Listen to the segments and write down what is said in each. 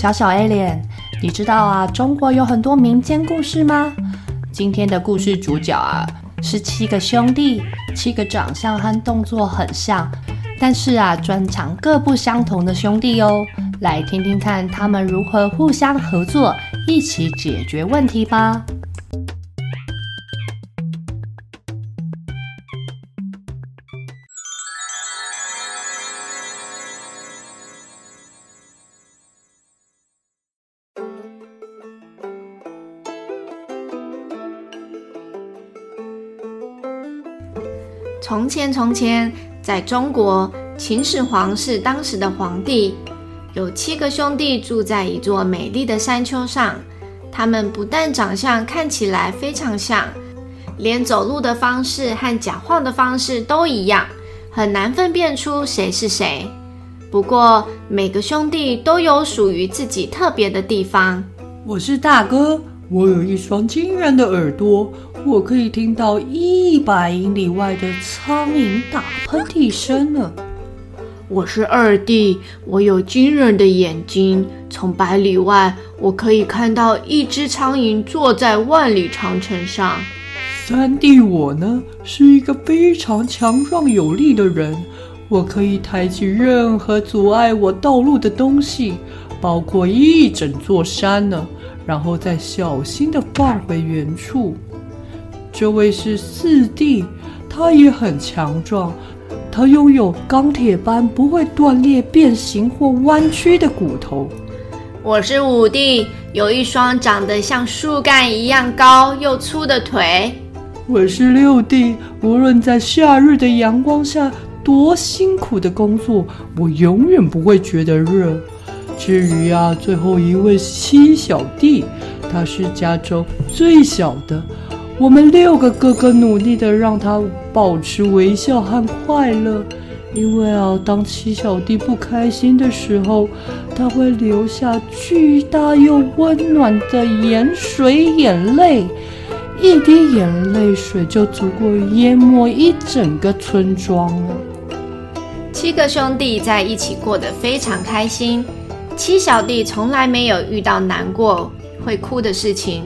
小小 Alien，你知道啊，中國有很多民間故事嗎？今天的故事主角啊，是七個兄弟，七個長相和動作很像，但是啊，專長各不相同的兄弟哦。來聽聽看他們如何互相合作，一起解決問題吧。從前，從前，在中國，秦始皇是當時的皇帝。有七個兄弟住在一座美麗的山丘上。他們不但長相看起來非常像，連走路的方式和講話的方式都一樣，很難分辨出誰是誰。不過，每個兄弟都有屬於自己特別的地方。我是大哥。我有一雙驚人的耳朵，我可以聽到一百英里外的蒼蠅打噴嚏聲呢。我是二弟，我有驚人的眼睛，從百里外我可以看到一隻蒼蠅坐在萬里長城上。三弟我呢，是一個非常強壯有力的人，我可以抬起任何阻礙我道路的東西，包括一整座山呢。然後再小心地放回原處。這位是四弟，他也很強壯，他擁有鋼鐵般不會斷裂、變形或彎曲的骨頭。我是五弟，有一雙長得像樹幹一樣高又粗的腿。我是六弟，無論在夏日的陽光下多辛苦的工作，我永遠不會覺得熱。至於啊，最後一位七小弟，他是家中最小的。我們六個哥哥努力的讓他保持微笑和快樂，因為啊，當七小弟不開心的時候，他會流下巨大又溫暖的鹽水眼淚，一滴眼淚水就足夠淹沒一整個村莊了。七個兄弟在一起過得非常開心。七小弟從來沒有遇到難過會哭的事情，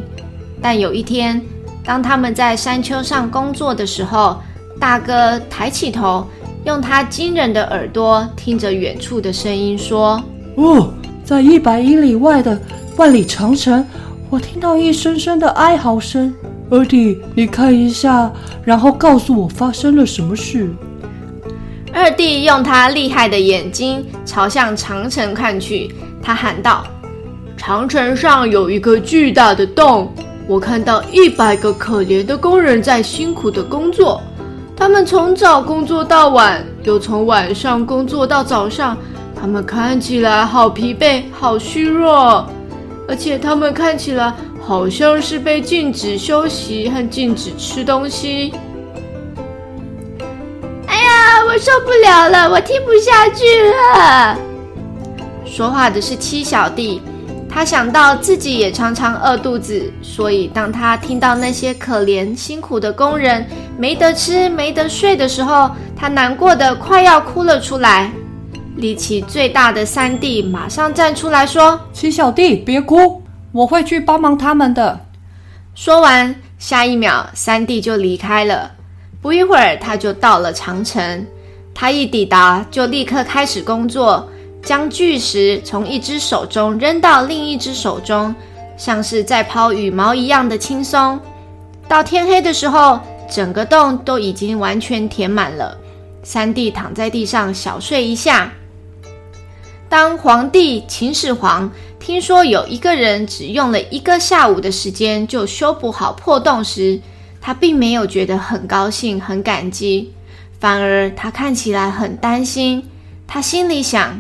但有一天，當他們在山丘上工作的時候，大哥抬起頭，用他驚人的耳朵聽着遠處的聲音，說：“哦，在一百英里外的萬里長城，我聽到一聲聲的哀嚎聲。二弟，你看一下，然後告訴我發生了什麼事。”二弟用他厲害的眼睛朝向長城看去，他喊道：“長城上有一個巨大的洞，我看到一百個可憐的工人在辛苦的工作。他們從早工作到晚，又從晚上工作到早上。他們看起來好疲憊，好虛弱，而且他們看起來好像是被禁止休息和禁止吃東西。”我受不了了，我聽不下去了。說話的是七小弟，他想到自己也常常餓肚子，所以當他聽到那些可憐辛苦的工人沒得吃、沒得睡的時候，他難過得快要哭了出來。力氣最大的三弟馬上站出來說：“七小弟，別哭，我會去幫忙他們的。”說完，下一秒三弟就離開了。不一會兒，他就到了長城。他一抵達，就立刻開始工作，將巨石從一隻手中扔到另一隻手中，像是在拋羽毛一樣的輕鬆。到天黑的時候，整個洞都已經完全填滿了。三弟躺在地上小睡一下。當皇帝秦始皇聽說有一個人只用了一個下午的時間就修補好破洞時，他並沒有覺得很高興，很感激。反而他看起來很擔心，他心裡想：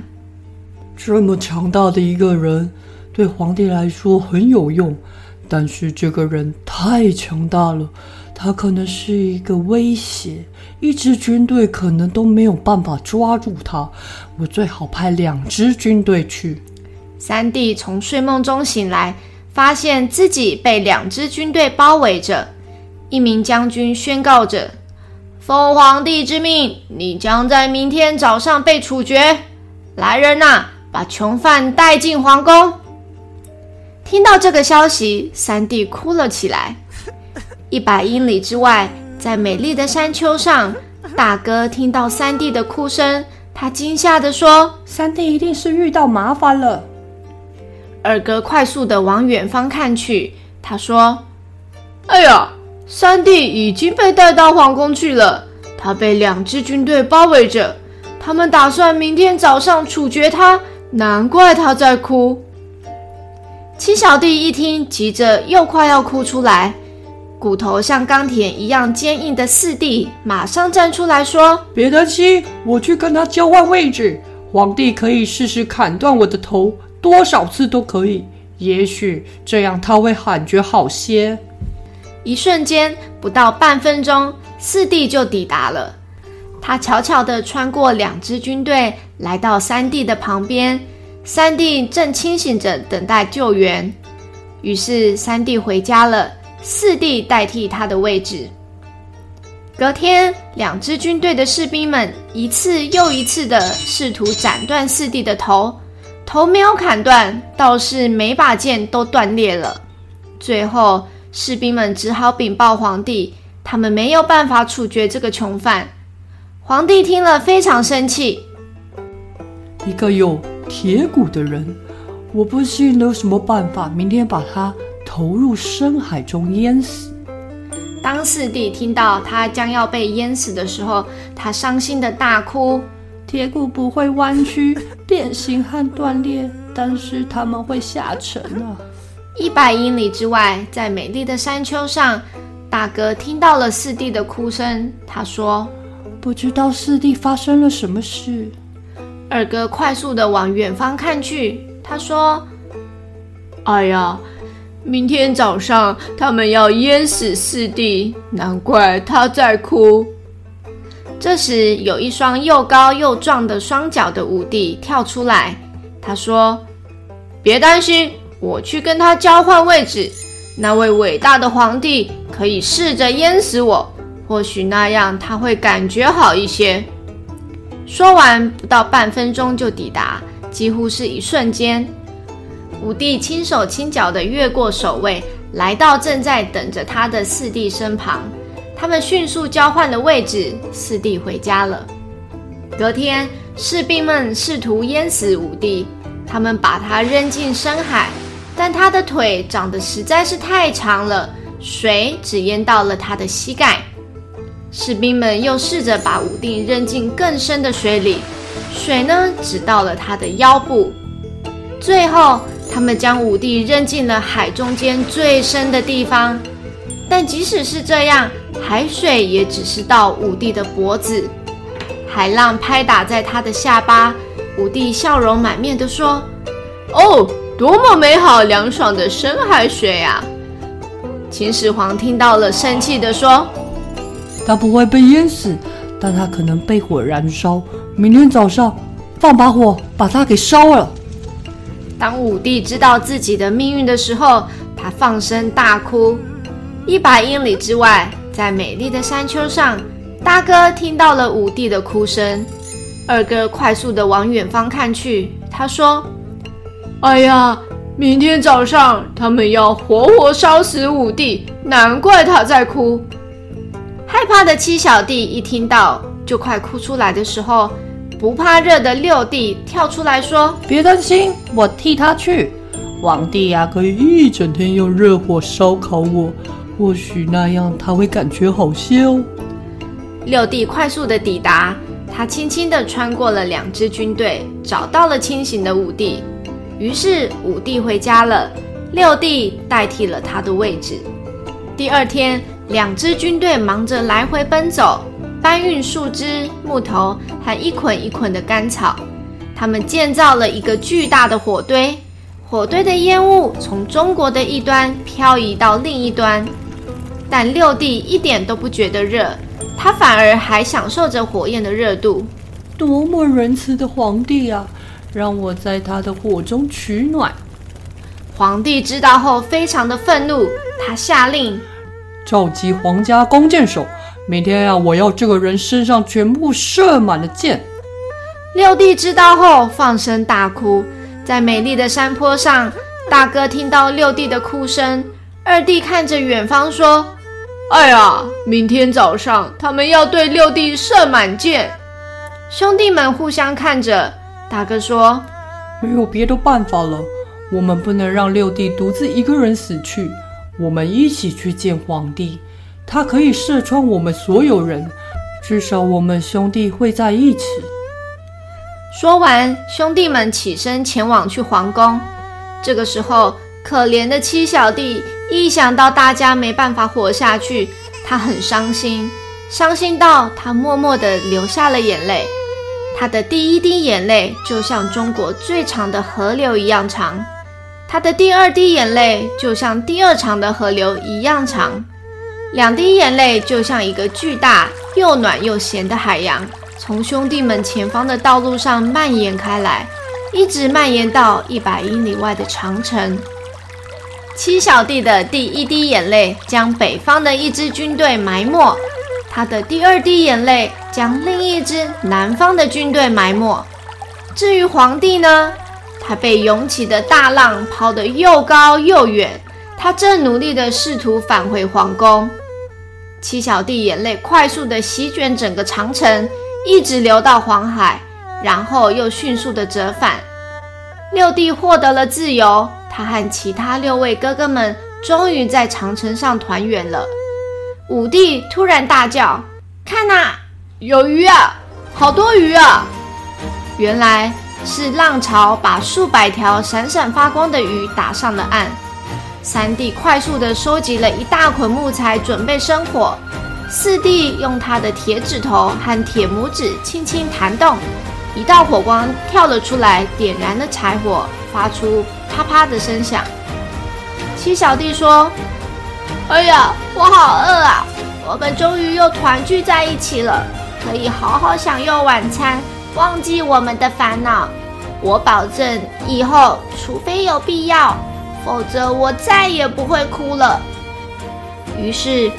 這麼強大的一個人，對皇帝來說很有用，但是這個人太強大了，他可能是一個威脅，一支軍隊可能都沒有辦法抓住他。我最好派兩支軍隊去。三弟從睡夢中醒來，發現自己被兩支軍隊包圍着，一名將軍宣告着。奉皇帝之命，你將在明天早上被處決。來人吶、啊，把囚犯帶進皇宮。聽到這個消息，三弟哭了起來。一百英里之外，在美麗的山丘上，大哥聽到三弟的哭聲，他驚嚇地說：“三弟一定是遇到麻煩了。”二哥快速地往遠方看去，他說：“哎呀！”三弟已經被帶到皇宮去了，他被兩支軍隊包圍着，他們打算明天早上處決他。難怪他在哭。七小弟一聽，急着又快要哭出來。骨頭像鋼鐵一樣堅硬的四弟馬上站出來說：“別擔心，我去跟他交換位置。皇帝可以試試砍斷我的頭多少次都可以，也許這樣他會感覺好些。”一瞬間，不到半分鐘，四弟就抵達了。他悄悄地穿過兩支軍隊，來到三弟的旁邊。三弟正清醒着等待救援，於是三弟回家了，四弟代替他的位置。隔天，兩支軍隊的士兵們一次又一次地試圖斬斷四弟的頭，頭沒有砍斷，倒是每把劍都斷裂了。最後。士兵們只好稟報皇帝，他們沒有辦法處決這個囚犯。皇帝聽了非常生氣：“一個有鐵骨的人，我不信有什麼辦法。明天把他投入深海中淹死。”當四弟聽到他將要被淹死的時候，他傷心的大哭：“鐵骨不會彎曲、變形和斷裂，但是他們會下沉啊。”一百英里之外，在美麗的山丘上，大哥聽到了四弟的哭聲。他說：“不知道四弟發生了什麼事。”二哥快速的往遠方看去。他說：“哎呀，明天早上他們要淹死四弟，難怪他在哭。”這時，有一雙又高又壯的雙腳的五弟跳出來。他說：“別擔心。”我去跟他交換位置，那位偉大的皇帝可以試着淹死我，或許那樣他會感覺好一些。說完，不到半分鐘就抵達，幾乎是一瞬間。五弟輕手輕腳的越過守衛，來到正在等着他的四弟身旁，他們迅速交換了位置，四弟回家了。隔天，士兵們試圖淹死五弟，他們把他扔進深海。但他的腿長得實在是太長了，水只淹到了他的膝蓋。士兵們又試着把五弟扔進更深的水裡，水呢只到了他的腰部。最後，他們將五弟扔進了海中間最深的地方。但即使是這樣，海水也只是到五弟的脖子。海浪拍打在他的下巴，五弟笑容滿面地說：“哦。”多麼美好涼爽的深海水呀，啊！秦始皇聽到了，生氣地說：“他不會被淹死，但他可能被火燃燒。明天早上放把火，把他給燒了。”當武帝知道自己的命運的時候，他放聲大哭。一百英里之外，在美麗的山丘上，大哥聽到了武帝的哭聲，二哥快速地往遠方看去，他說。哎呀！明天早上他們要活活燒死五弟，難怪他在哭。害怕的七小弟一聽到就快哭出來的時候，不怕熱的六弟跳出來說：“別擔心，我替他去。王弟呀、啊，可以一整天用熱火燒烤我，或許那樣他會感覺好些哦。”六弟快速的抵達，他輕輕的穿過了兩支軍隊，找到了清醒的五弟。於是五弟回家了，六弟代替了他的位置。第二天，兩支軍隊忙着來回奔走，搬運樹枝、木頭和一捆一捆的乾草。他們建造了一個巨大的火堆，火堆的煙霧從中國的一端漂移到另一端。但六弟一點都不覺得熱，他反而還享受着火焰的熱度。多麼仁慈的皇帝啊！讓我在他的火中取暖。皇帝知道後，非常的憤怒，他下令召集皇家弓箭手。明天呀，我要這個人身上全部射滿了箭。六弟知道後，放聲大哭。在美麗的山坡上，大哥聽到六弟的哭聲，二弟看着遠方說：“哎呀，明天早上他們要對六弟射滿箭。”兄弟們互相看着。大哥說：“沒有別的辦法了，我們不能讓六弟獨自一個人死去。我們一起去見皇帝，他可以射穿我們所有人，至少我們兄弟會在一起。”說完，兄弟們起身前往去皇宮。這個時候，可憐的七小弟一想到大家沒辦法活下去，他很傷心，傷心到他默默的流下了眼淚。他的第一滴眼淚就像中國最長的河流一樣長，他的第二滴眼淚就像第二長的河流一樣長，兩滴眼淚就像一個巨大又暖又鹹的海洋，從兄弟們前方的道路上蔓延開來，一直蔓延到一百英里外的長城。七小弟的第一滴眼淚將北方的一支軍隊埋沒。他的第二滴眼淚將另一支南方的軍隊埋沒。至於皇帝呢？他被湧起的大浪拋得又高又遠，他正努力地試圖返回皇宮。七小弟眼淚快速地席捲整個長城，一直流到黃海，然後又迅速地折返。六弟獲得了自由，他和其他六位哥哥們終於在長城上團圓了。五弟突然大叫：“看吶，有魚啊，好多魚啊！”原來是浪潮把數百條閃閃發光的魚打上了岸。三弟快速地收集了一大綑木材，準備生火。四弟用他的鐵指頭和鐵拇指輕輕彈動，一道火光跳了出來，點燃了柴火，發出啪啪的聲響。七小弟說。哎呀，我好餓啊！我們終於又團聚在一起了，可以好好享用晚餐，忘記我們的煩惱。我保證，以後除非有必要，否則我再也不會哭了。於是，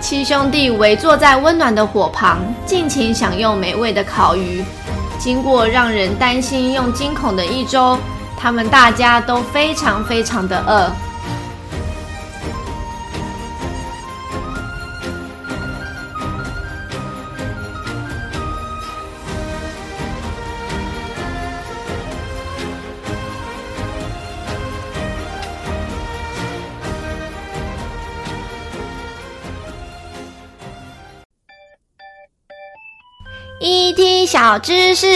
七兄弟圍坐在溫暖的火旁，盡情享用美味的烤魚。經過讓人擔心又驚恐的一周，他們大家都非常非常的餓。ET 小知識：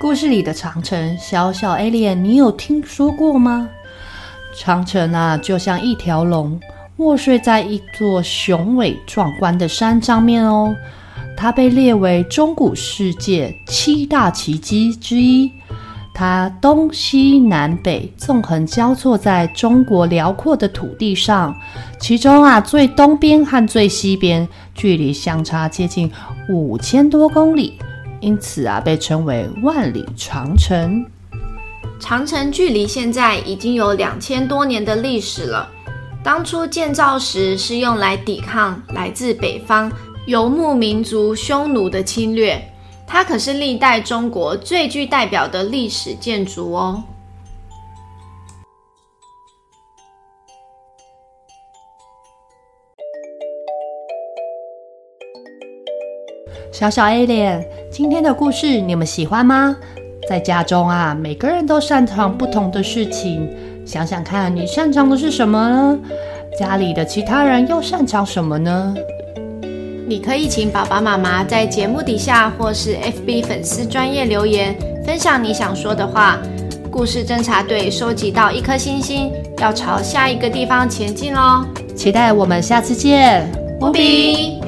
故事裡的長城，小小 Alien，你有聽說過嗎？長城啊，就像一條龍，臥睡在一座雄偉壯觀的山上面哦。它被列為中古世界七大奇蹟之一。它東西南北縱橫交錯在中國遼闊的土地上，其中啊最東邊和最西邊距離相差接近五千多公里，因此啊被稱為萬里長城。長城距離現在已經有兩千多年的歷史了，當初建造時是用來抵抗來自北方游牧民族匈奴的侵略。它可是歷代中國最具代表的歷史建築哦。小小 A 臉，今天的故事你們喜歡嗎？在家中啊，每個人都擅長不同的事情。想想看，你擅長的是什麼呢？家裡的其他人又擅長什麼呢？你可以請爸爸媽媽在節目底下或是 FB 粉絲專頁留言，分享你想說的話。故事偵查隊收集到一顆星星，要朝下一個地方前進哦！期待我們下次見，五比。